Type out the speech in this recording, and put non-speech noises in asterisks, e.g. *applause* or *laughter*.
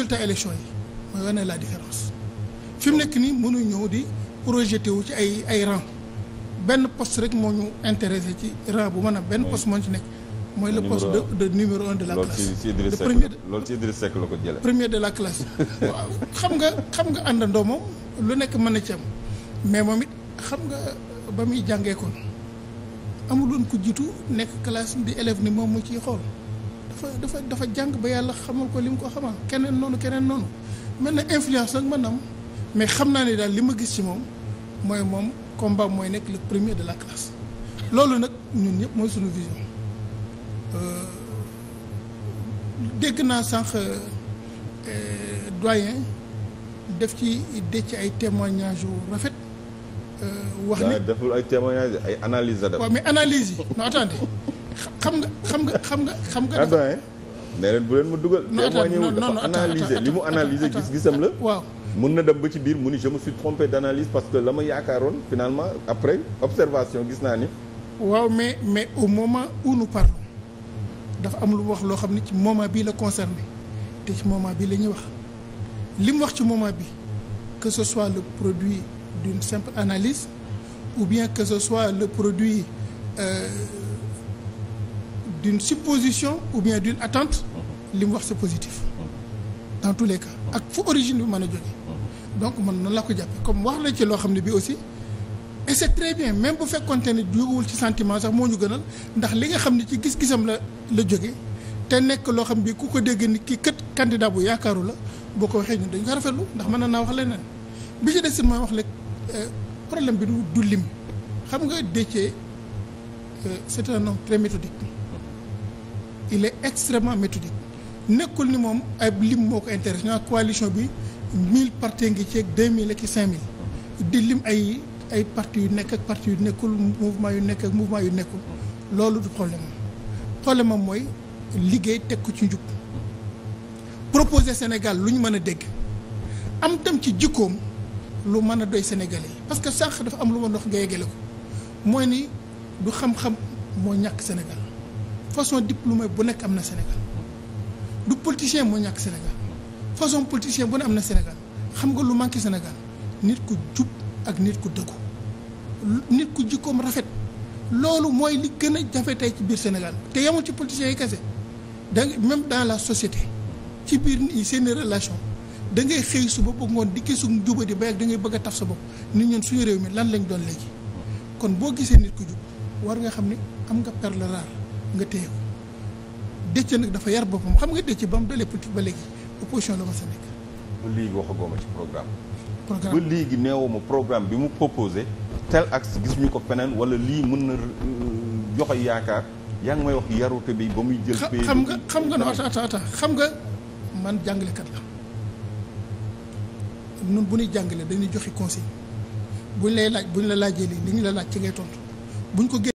résultat élection yi mooy la différence fi mu nekk nii mënu ñëw di projeté wu ci ay ay benn poste rek moo ñu intéressé ci rang bu mën a benn poste moo ci nekk mooy le poste de de numéro un la classe le premier loolu ci Idriss *laughs* Seck la waaw xam nga xam nga àndandoo moom lu nekk mën a ci mais moom it xam nga ba muy jàngee kon amuloon ku jiitu nekk classe di élève ni moom mu ci xool dafa dafa dafa jàng ba yàlla xamal ko li mu ko xamal keneen noonu keneen noonu mel na influence nag mën na mais xam naa ne daal li ma gis ci moom mooy moom combat mooy nekk le premier de la classe loolu nag ñun ñëpp mooy suñu vision euh, dégg naa sànq euh, doyen def ci de ci ay témoignages yu rafet. Euh, wax ni deful ay témoignages ay analyses de def. mais analyse yi non attendez xam nga xam nga xam nga xam nga. dafa ne leen bu leen ma dugal. non non non dafa li mu analyser gis-gisam la. waaw mun na dem ba ci biir mu ni je me suis trompé d'analyse parce que la ma yaakaaroon finalement après observation gis naa ni. waaw mais mais au moment où nous par dafa am lu wax loo xam ne ci moment bii la concerné te ci moment bii la ñuy wax li mu wax ci moment bi que ce soit le produit d'une simple analyse ou bien que ce soit le produit. Euh, d'une supposition ou bien d'une attente mhm. li mu wax c'est positif mhm. dans tous les cas ak fu origine bi mën a jóge mhm. donc mën na laa ko jàppe comme wax la ci loo xam ne bi aussi et c'est très bien même bu fekkonte ne jógewul ci sentiment sax moo ñu gënal ndax li nga xam ne ci gis-gisam la la jóge te nekk loo xam bi ku ko dégg ni kii kët candidat bu yaakaaru la boo ko waxee ñun dañ ko rafetlu ndax mën na naa wax leneen bi ci def si mooy wax la euh, problème bi du du lim xam nga Déthié euh, c'est un homme très méthodique il est extrêmement nekkul ni moom ay lim moo ko intéresse coalition bi mille partis ngi ceeg 2000 ak 5000 di lim ay ay partis yu nekk ak partis yu nekkul mouvement yu nekk ak mouvement yu nekkul loolu du problème problème am mooy liggéey teg ko ci njub proposer Sénégal lu ñu mën a dégg am tam ci jikkoom lu mën a doy Sénégalais parce que sànq dafa am lu ma ndox nga yeggale ko mooy ni du xam-xam moo ñàkk Sénégal. façon diplômé bu nekk am na Sénégal du politicien moo ñàkk Sénégal façon politicien bu ne am na Sénégal xam nga lu manqué Sénégal nit ku jub ak nit ku dëggu nit ku jikkoom rafet loolu mooy li gën a jafe tey ci biir Sénégal te yemul ci politiciens yi kese da même dans la société ci biir seen relation da ngay xëy suba ba ngoon di gisu juba di bay ak da bëgg a tax sa bopp nit ñun suñu réew mi lan lañ doon léegi kon boo gisee nit ku jub war nga xam ne am nga perle rare nga téye ko Déthié nag dafa yar boppam xam nga Déthié ba mu dalee politique ba léegi opposition la ma sa nekk. ba léegi waxagoo ma ci programme. programme ba léegi ma programme bi mu proposé. tel axe gis ñu ko feneen wala lii mën na euh, joxe yaakaar yaa ngi may wax yarute bi ba muy. jël pay xam nga xam nga non attends attends xam nga man jàngalekat la nun bu nuy jàngalee dañuy joxe conseil buñ lay laaj bu buñ la laajee lii li ñu la laaj ci ngay tontu buñ